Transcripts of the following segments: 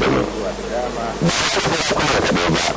da mu. Ba su kuma da ba.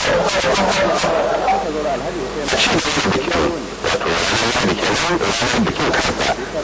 shi ne da kyau wato wasu da kyau da kyau karfa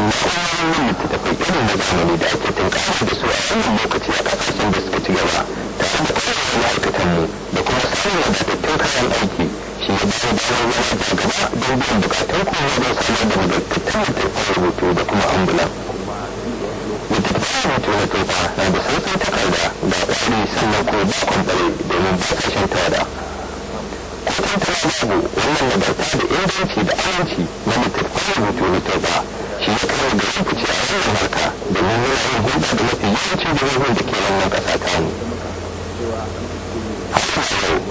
sannan littattafai irin na zamani da ake tunkarar da su a wannan lokaci a kasashen da suka ci gaba da da kuma samun wadatattun kayan aiki shi ya bayar don biyan bukatun kuma don samar da rubutu da kuma ambulan. littattafan rubutu na tofa na da sauƙin takarda da tsari sannan kuma domin ba tawada. kwatan ta wannan da inganci da aminci na littattafan rubutu na shi ya kawai da su kuce a yin amurka domin yana yin hulɗa da mafi yawancin jihohin da ke wannan ƙasa ta mu haka sau yana da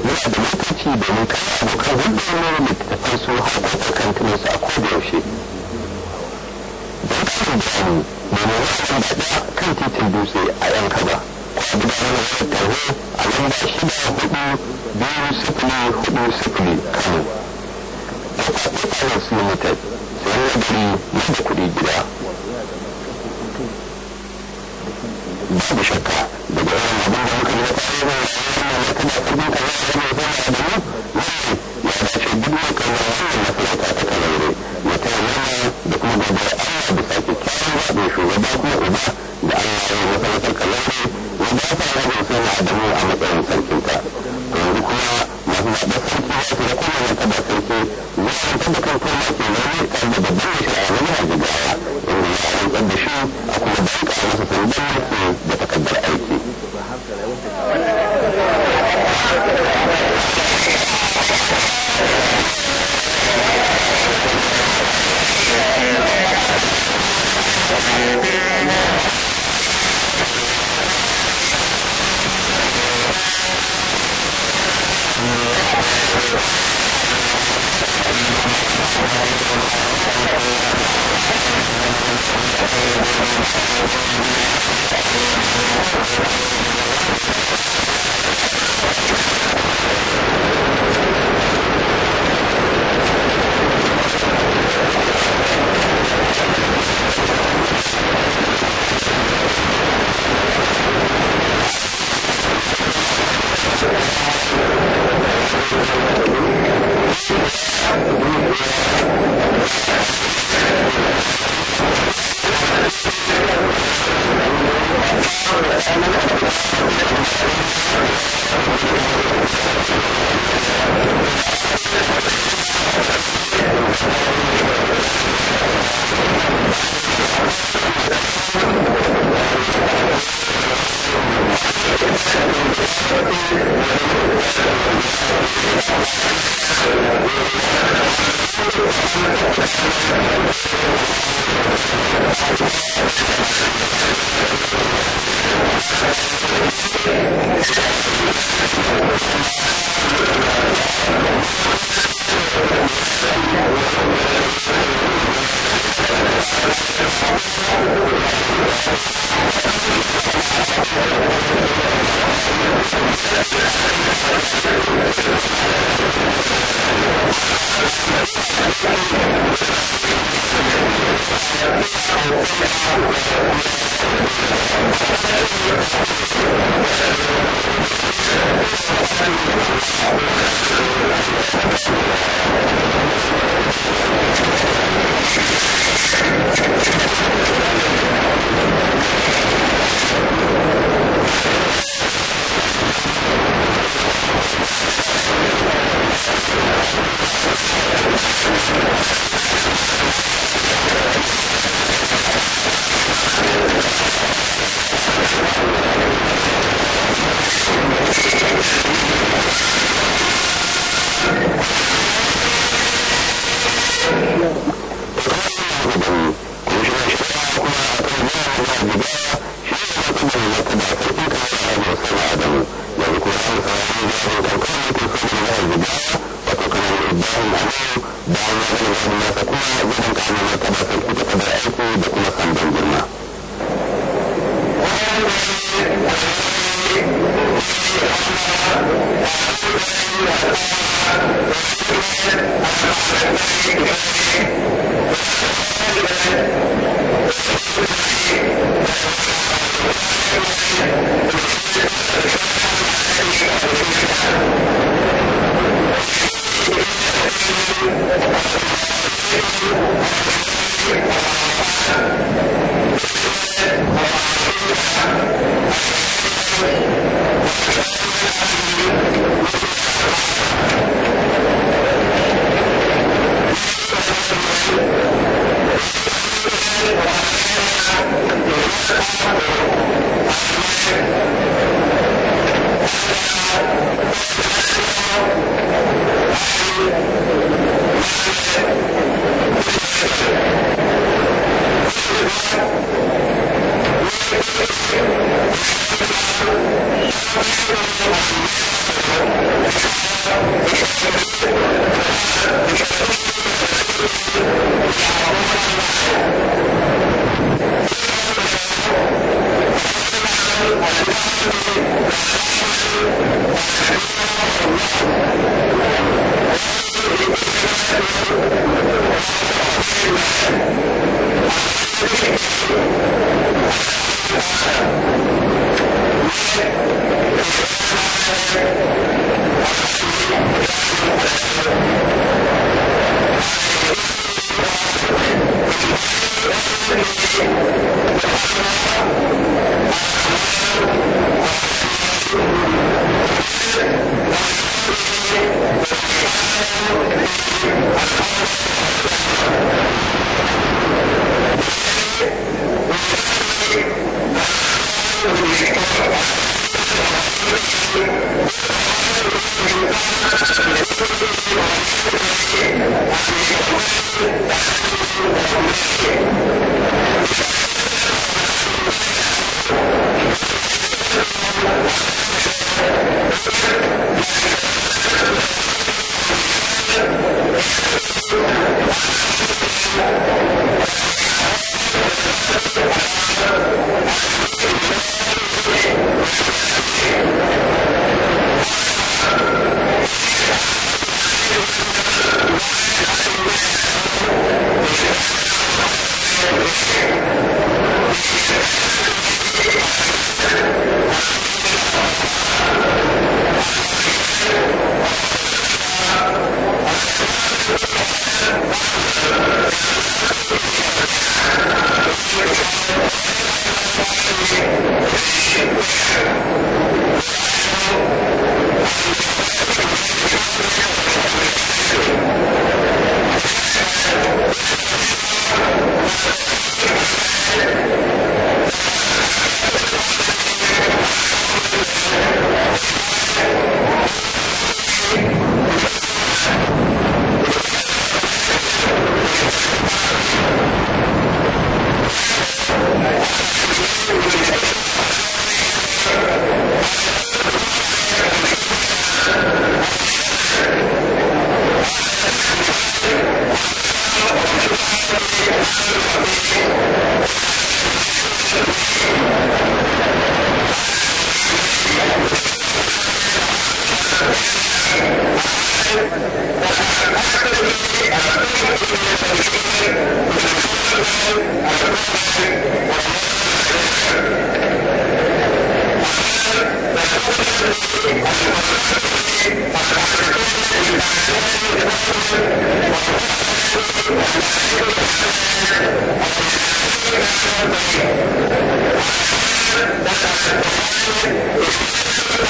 lokaci domin kare abokan ya nuna littattafan su harkokin kantunan su a kodayaushe don karin bayani domin wasu da kan titin dutse a yan kaba ko a gidan wani tarho a lamba shida hudu biyu sifili hudu sifili kano ana su yi mata sayan gari ya da kuɗi gida babu shakka da ba wani abin da muka yi na ƙwarar da wani kuma kuma kuma kuma kuma kuma kuma kuma ya dace duk wani kawai wani na kuma ta ta kalare ya ta yi da kuma gabar ana da sake kyawun zaɓin shugaba kuma uba da ana yi masarautar kalare wanda aka yi da musamman adamu a matsayin sarki Thank you.